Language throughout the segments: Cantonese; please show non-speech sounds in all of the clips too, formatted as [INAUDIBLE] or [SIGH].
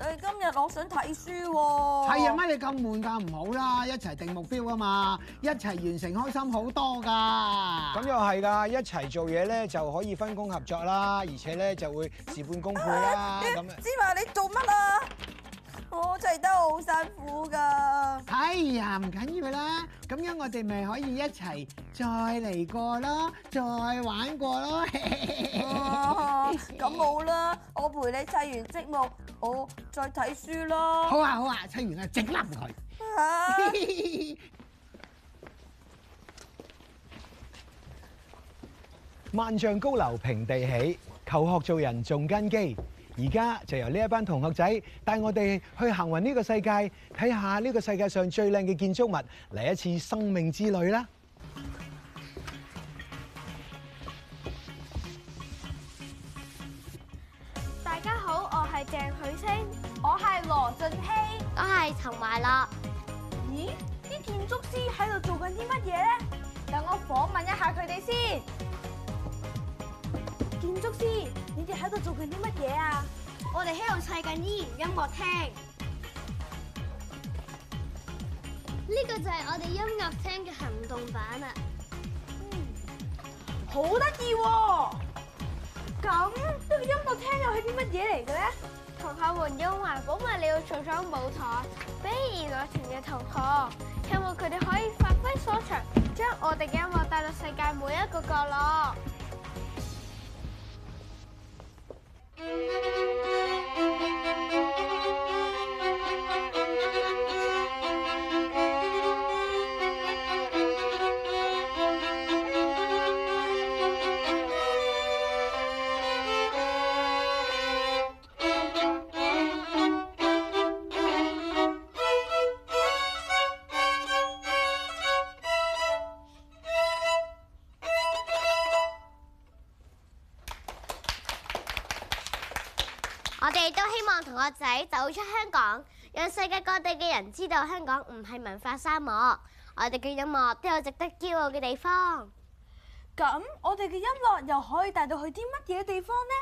今日我想睇書喎，係啊，乜你咁悶㗎？唔好啦，一齊定目標啊嘛，一齊完成，開心好多㗎。咁又係㗎，一齊做嘢咧就可以分工合作啦，而且咧就會事半功倍啦。咁、啊、芝麻，你做乜啊？我砌得好辛苦噶，哎呀唔緊要啦，咁樣我哋咪可以一齊再嚟過咯，再玩過咯。咁冇啦，我陪你砌完積木，我再睇書咯。好啊好啊，砌完啦，整冧佢。啊！萬丈高樓平地起，求學做人重根基。而家就由呢一班同學仔帶我哋去行雲呢個世界，睇下呢個世界上最靚嘅建築物，嚟一次生命之旅啦！大家好，我係鄭許清，我係羅振熙，我係陳懷樂。咦、啊？啲建築師喺度做緊啲乜嘢咧？讓我訪問一下佢哋先。建築師。你哋喺度做緊啲乜嘢啊？我哋喺度砌緊依然音樂廳，呢、這個就係我哋音樂廳嘅行動版啊！嗯，好得意喎！咁呢、這個音樂廳又係啲乜嘢嚟嘅咧？同學們用環保物料做咗舞台，俾熱愛聽嘅同學，希望佢哋可以發揮所長，將我哋嘅音樂帶到世界每一個角落。我哋都希望同個仔走出香港，讓世界各地嘅人知道香港唔係文化沙漠。我哋嘅音樂都有值得驕傲嘅地方。咁，我哋嘅音樂又可以帶到去啲乜嘢地方呢？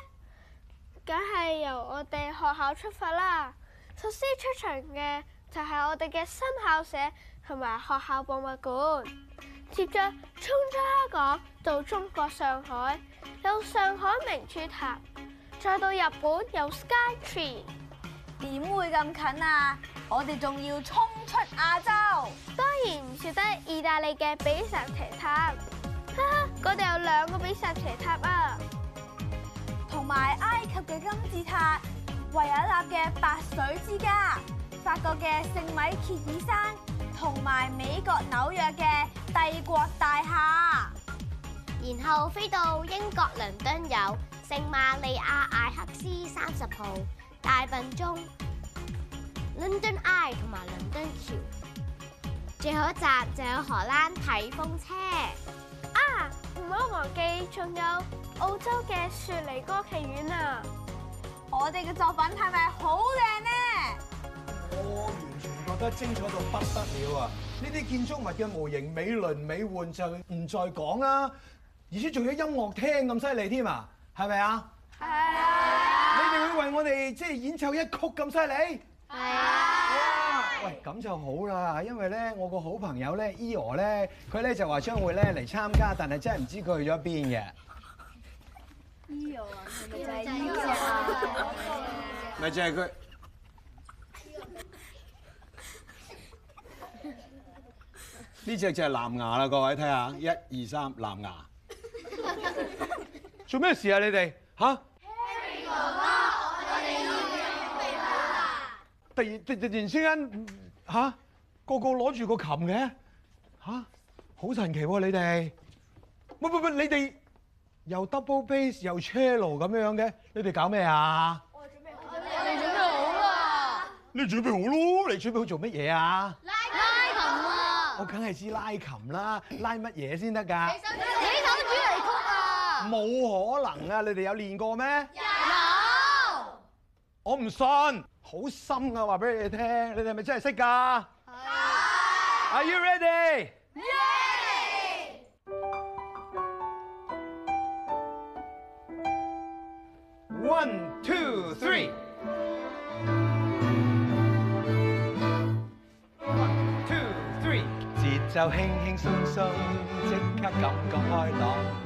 梗係由我哋學校出發啦。首先出場嘅就係我哋嘅新校舍同埋學校博物館，接着衝出香港到中國上海，到上海明珠塔。再到日本有 Skytree，點會咁近啊？我哋仲要衝出亞洲，當然唔少得意大利嘅比薩斜塔，哈、啊、哈，嗰度有兩個比薩斜塔啊，同埋埃及嘅金字塔、維也納嘅白水之家、法國嘅聖米歇爾山，同埋美國紐約嘅帝國大廈，然後飛到英國倫敦有。聖瑪利亞艾克斯三十號，大笨鐘、London Eye 同埋倫敦橋。最後一集就去荷蘭睇風車啊！唔好忘記，仲有澳洲嘅雪梨歌劇院啊！我哋嘅作品係咪好靚呢？我完全覺得精彩到不得了啊！呢啲建築物嘅模型美輪美奐就唔再講啦，而且仲有音樂廳咁犀利添啊！係咪啊？係啊！你哋會為我哋即係演奏一曲咁犀利？係啊！哇！喂，咁就好啦，因為咧，我個好朋友咧，Eo 咧，佢咧就話將會咧嚟參加，但係真係唔知佢去咗邊嘅。Eo 啊，咪就係 Eo 啊！咪就係佢。呢隻就係藍牙啦，各位睇下，一二三，藍牙。做咩事啊？你哋吓？Harry 哥哥，我哋依家啦！Hey. 突然，突然之間吓？個個攞住個琴嘅吓？好、啊、神奇喎，啊！你哋，喂喂喂，你哋又 double bass 又 cello h 咁樣嘅，你哋搞咩啊？我準備好啦，我哋準備好啦。你準備好咯？你準備好，準備好，準備好，準備好做乜嘢啊？拉拉琴啊！我梗係知拉琴啦，拉乜嘢先得㗎？你冇可能啊！你哋有練過咩？有，我唔信，好深啊！話俾你哋聽，你哋係咪真係識㗎？係，Are you ready? One, two, three. One, two, three. 節奏輕輕鬆鬆，即刻感覺開朗。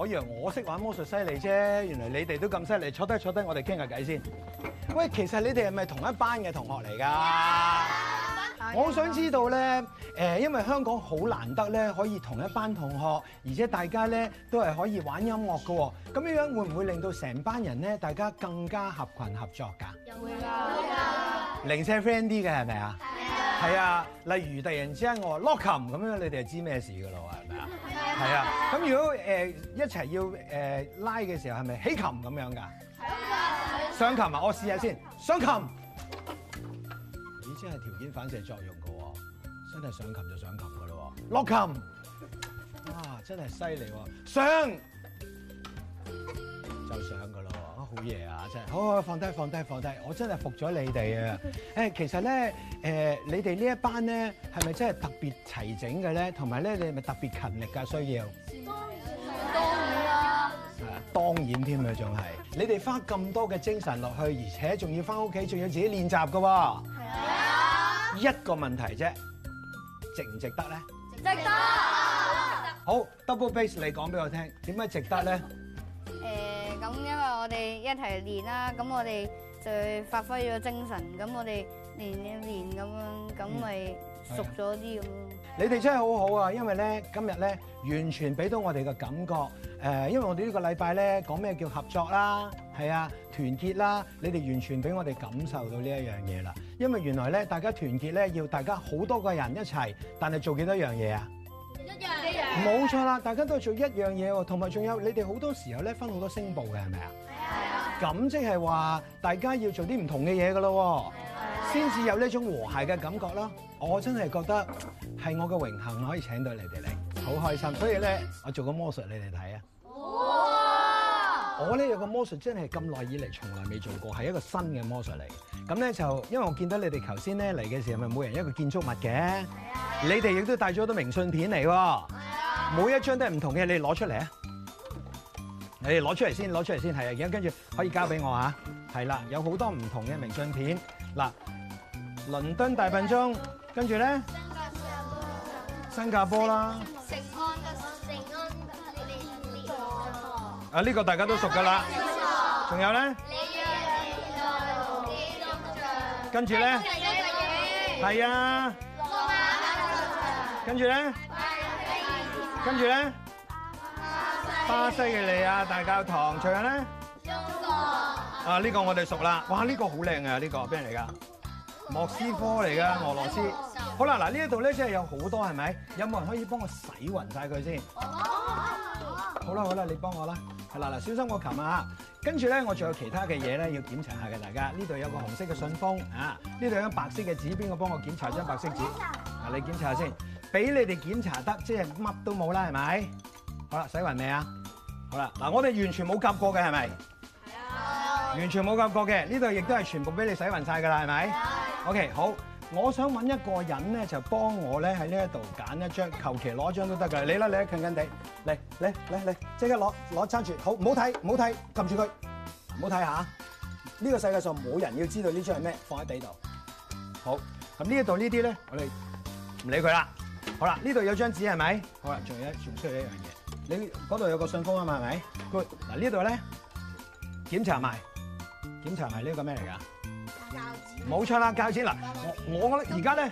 我以為我識玩魔術犀利啫，原來你哋都咁犀利，坐低坐低，我哋傾下偈先。喂，其實你哋係咪同一班嘅同學嚟㗎？Yeah. Oh, yeah. 我好想知道咧，誒，因為香港好難得咧，可以同一班同學，而且大家咧都係可以玩音樂嘅，咁樣會唔會令到成班人咧，大家更加合群合作㗎？又、yeah. 會，啊、會啊！零舍 friend 啲嘅係咪啊？係、yeah. 啊，例如突然之間我落琴咁樣你，你哋係知咩事㗎啦？係啊，咁如果誒、呃、一齊要誒、呃、拉嘅時候，係咪起琴咁樣噶、啊啊啊？上琴啊，我試下先。上琴，咦、欸，真係條件反射作用嘅喎，真係上琴就上琴嘅咯。落琴，哇，真係犀利喎，上就上嘅咯。好嘢啊！真好，好，放低，放低，放低，我真係服咗你哋啊！誒， [LAUGHS] 其實咧，誒、呃，你哋呢一班咧，係咪真係特別齊整嘅咧？同埋咧，你哋咪特別勤力㗎？需要？當然係，當然啊！係啊，當然添啊，仲係 [LAUGHS] 你哋花咁多嘅精神落去，而且仲要翻屋企，仲要自己練習嘅喎、啊。係啊！一個問題啫，值唔值得咧？值得、啊。好，Double Bass，你講俾我聽，點解值得咧？咁因為我哋一齊練啦，咁我哋就發揮咗精神，咁我哋練一練咁樣，咁咪熟咗啲咯。你哋真係好好啊，因為咧今日咧完全俾到我哋嘅感覺，誒、呃，因為我哋呢個禮拜咧講咩叫合作啦，係啊，團結啦，你哋完全俾我哋感受到呢一樣嘢啦。因為原來咧大家團結咧要大家好多個人一齊，但係做幾多樣嘢啊？一樣冇錯啦，大家都係做一樣嘢喎，同埋仲有你哋好多時候咧分好多聲部嘅，係咪啊？係啊！係啊！咁即係話大家要做啲唔同嘅嘢噶咯，係先至有呢一種和諧嘅感覺咯、啊。我真係覺得係我嘅榮幸可以請到你哋嚟，好開心。啊、所以咧，我做個魔術你哋睇啊！哇！我咧有個魔術真係咁耐以嚟從來未做過，係一個新嘅魔術嚟。咁咧就因為我見到你哋頭先咧嚟嘅時候，咪每人一個建築物嘅。你哋亦都帶咗好多明信片嚟喎，每一張都係唔同嘅，你哋攞出嚟啊！你哋攞出嚟先出來，攞出嚟先，係啊，而家跟住可以交俾我嚇，係啦，有好多唔同嘅明信片，嗱，倫敦大笨鐘，跟住咧新加坡啦，嘅安，你哋啊，呢個大家都熟噶啦，仲有咧，跟住咧，係啊。跟住咧，跟住咧，巴西嘅利亞大教堂唱咧，啊呢、這個我哋熟啦，哇呢、這個好靚啊！呢、這個邊人嚟噶？莫斯科嚟噶，俄羅斯，斯。好啦，嗱呢一度咧，即係有好多係咪？有冇人可以幫我洗勻曬佢先？好啦好啦，你幫我啦。嗱嗱，小心個琴啊！跟住咧，我仲有其他嘅嘢咧，要檢查下嘅。大家呢度有個紅色嘅信封啊，呢度有白色嘅紙，邊個幫我檢查張、哦、白色紙？嗱、啊，你檢查下先。俾你哋檢查得，即係乜都冇啦，係咪？好啦，洗勻未啊？好啦，嗱，我哋完全冇夾過嘅，係咪？係啊。完全冇夾過嘅，呢度亦都係全部俾你洗勻曬㗎啦，係咪？係。O.K. 好，我想揾一個人咧，就幫我咧喺呢一度揀一張，求其攞張都得㗎。你啦，你啦，近近地嚟嚟嚟嚟，即刻攞攞揸住，好唔好睇？唔好睇，撳住佢，唔好睇吓。呢個世界上冇人要知道呢張係咩，放喺地度。好，咁，呢一度呢啲咧，我哋唔理佢啦。好啦，呢度有張紙係咪？好啦，仲有仲需要一樣嘢。你嗰度有個信封啊嘛，係咪？good 嗱呢度咧檢查埋檢查埋呢個咩嚟㗎？膠紙冇錯啦，膠紙嗱。我我而家咧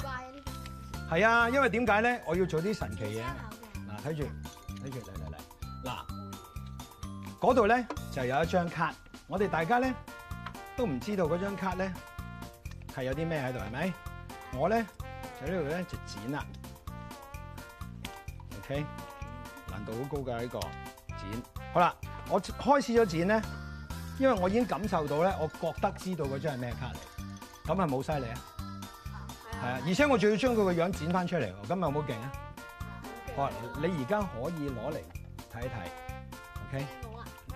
係啊，因為點解咧？我要做啲神奇嘢嗱，睇住睇住嚟嚟嚟嗱嗰度咧就有一張卡。我哋大家咧都唔知道嗰張卡咧係有啲咩喺度，係咪？我咧就呢度咧就剪啦。Okay? 難度好高嘅呢，這個剪，好啦，我開始咗剪咧，因為我已經感受到咧，我覺得知道嗰張係咩卡嚟，咁係冇犀利啊，係，yeah, 啊，而且我仲要將佢個樣剪翻出嚟，咁係冇勁啊，好，啊好啊，你而家可以攞嚟睇一睇，OK，嗯、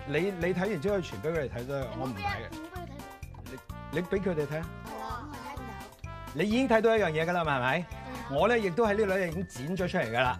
你你睇完之後，傳俾佢哋睇都得，我唔睇嘅，你給你俾佢哋睇，你已經睇到一樣嘢噶啦，係咪，嗯？我咧亦都喺呢兩樣已經剪咗出嚟噶啦。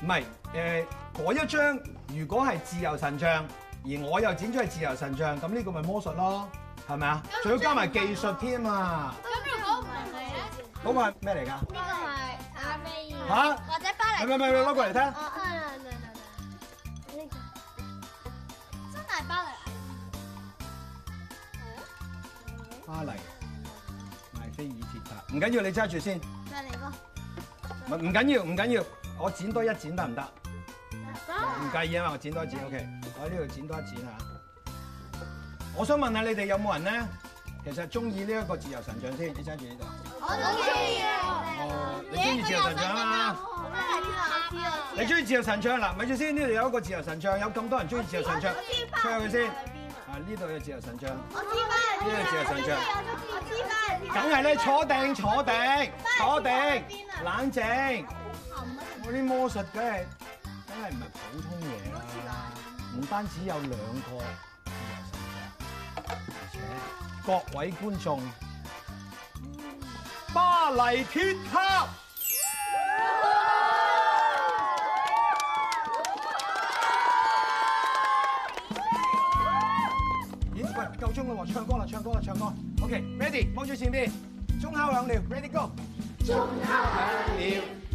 唔係，誒嗰一張如果係自由神像，而我又剪咗係自由神像，咁呢個咪魔術咯，係咪啊？仲要加埋技術添啊！咁如果唔係咧，嗰個係咩嚟㗎？呢個係阿飛。嚇？或者巴黎？唔係唔係，攞過嚟睇下。嗯嗯嗯嗯，呢個真係巴黎。好。巴黎，艾菲爾鐵塔。唔緊要，你揸住先。再嚟過。唔唔緊要，唔緊要。我剪多一剪得唔得？唔、嗯、介意啊嘛，我剪多一剪 OK。我喺呢度剪多一剪啊！我想問下你哋有冇人咧，其實中意呢一個自由神像你先。先揸住呢度。我中意、哦哦、啊！哦，哦你中意自由神像啊？像你中意自由神像嗱，咪住先。呢度有一個自由神像，有咁多人中意自由神像。我知班係邊啊？啊，呢度有自由神像。我知班係邊啊？呢個自由神像。我知班。梗係你坐定坐定坐定，冷靜。嗰啲魔術梗係梗係唔係普通嘢啦，唔單止有兩個，而且各位觀眾，巴黎鐵塔，咦喂，夠鐘啦喎，唱歌啦，唱歌啦，唱歌，OK，Ready，望住前面，鐘敲響了，Ready Go，鐘敲響了。